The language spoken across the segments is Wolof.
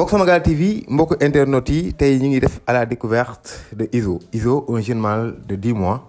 Bok Samagal TV Bok Internauti, yi tey ngi def à la découverte de Iso. Iso, un jeune mâle de 10 mois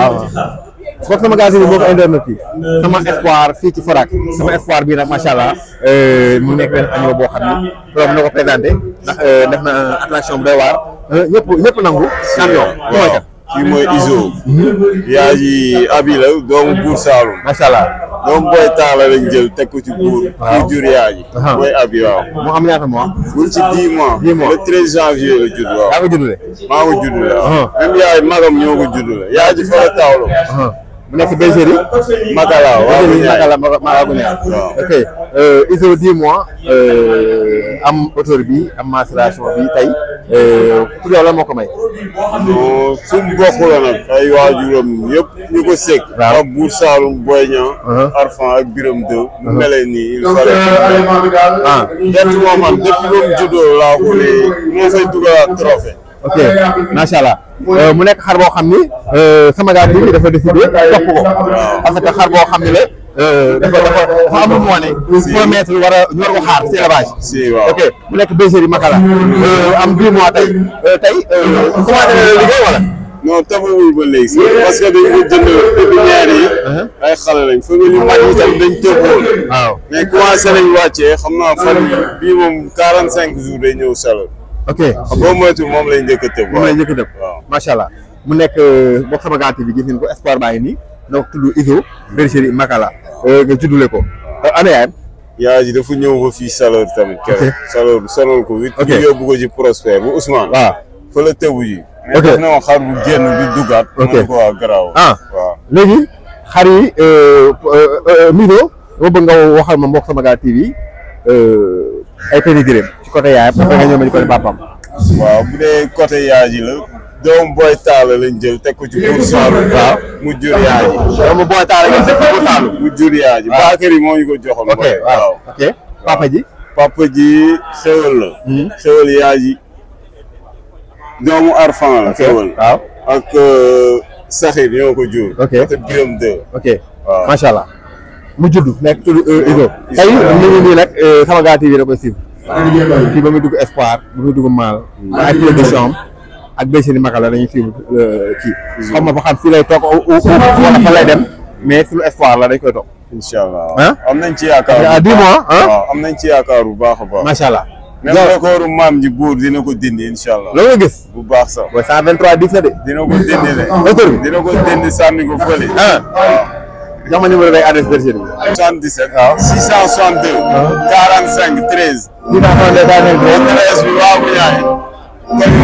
waaw Sport sama gars yi internet yi sama espoir fii ci Forak sama espoir bii nag macha euh, mu nekk benn agneau xam ni loolu na ko présenté ndax euh, def na euh, attraction bu doy waar ñëpp ñëpp nangu champion mooy mooy Izo hmm. yaa ji doomu buur Saalum macha doom booy taala lañ jël teg ko ci buur. waaw jur yaa ji. mo ab waaw. mu am ñaata mois. bul ci dix mois. dix mois le treize la judd waaw. yaa ko maa ko judd de waaw. même magam ñoo ko judd de yaa ji fa bu nekk bergerie Makala waaw Makala Mawagu Niar ok ISO 10 mois am hauteur bi am macération bi tey euh, pour yow la may. suñu bokk la nag ay waajuram yëpp ñu ko sekk. Buur Saalum Boy uh-huh. Arfan ak Biram Deux. mu uh-huh. mel il fallait euh, que. ah man depuis ba laa ko moo fay dugalaat trophée. ok macha allah euh, mu nekk xar boo xam ni euh, sama gaa bi dafa décidé topp ko parce que xar boo xam ni la euh, dafa dafa dafa amul moo ne promettre war a ñu war ko si élevage mu nekk bergerie Makala am bii mois tey tey commencé na liggéey wala non taxawul ba léegi parce que dañ ko jënd pépinière yi uh-huh. ay xale lañ fa nga ñu mag yi tam dañ tëppoon waaw mais commencé nañ wàccee xam naa fan bii moom quarante day ñëw salo ok ah, boo moytu moom lay njëkk a tëb. moom lay njëkk a tëb waaw allah. mu nekk euh, bokk sama gàtt bi gis ngeen ko espoir baa ngi nii donc tudd Izo. bergerie Makala. Euh, nga juddule ko. Euh, ana yaayam. yaa ji dafa ñëw ba fii Salor tamit. ok keroog Salor ko. ok ñu yóbbu ko ci Prospère bu Ousmane. waaw ah. fa la tëbu ji. ok mais xar bu génn bi duggaat. ok ah léegi xar yi Mido boo bëgg nga waxal ma mbokk sama gàtt bi. ay pédigré ci côté yaayam ba nga ñëw ba ci côté waaw bu dee côté yaay ji la. doomu booy taala lañ jël teg ko ci buur Saalum waaw mu jur yaay ji. doomu booy taala ngeen teg ko buur mu jur yaay ji. waaw baakar yi moo ko joxoon. ok waaw ok papa ji. papa ji sewal la. Mhm. sewal yaay ji doomu arfan la. sewal waaw ak euh, saxir ñoo ko jur. ok te biram deux. ok waaw macha allah. mu judd nekk tudd euh, Izo tey ñu ngi nii nag euh, Samagal TV da koy siiw fii ba muy dugg Espoir ba muy dugg Maal ak production am ak béykat yi Makala dañuy siiw euh, ci xam ma ba xam fii lay toog wala fa lay dem mais suñu Espoir la dañ koy toog incha allah am nañ ci yaakaar ah dix mois am nañ ci yaakaar bu baax a baax macha allah même recordu maam ji buur dina ko dindi incha allah. loolu nga gis bu baax sax. 123 dina ko dindi de. dina ko dindi sànni ko fële. ah jox ma numéro beeg adresse bergerie bi. 77. waaw 662. 45 13. 662 45 13.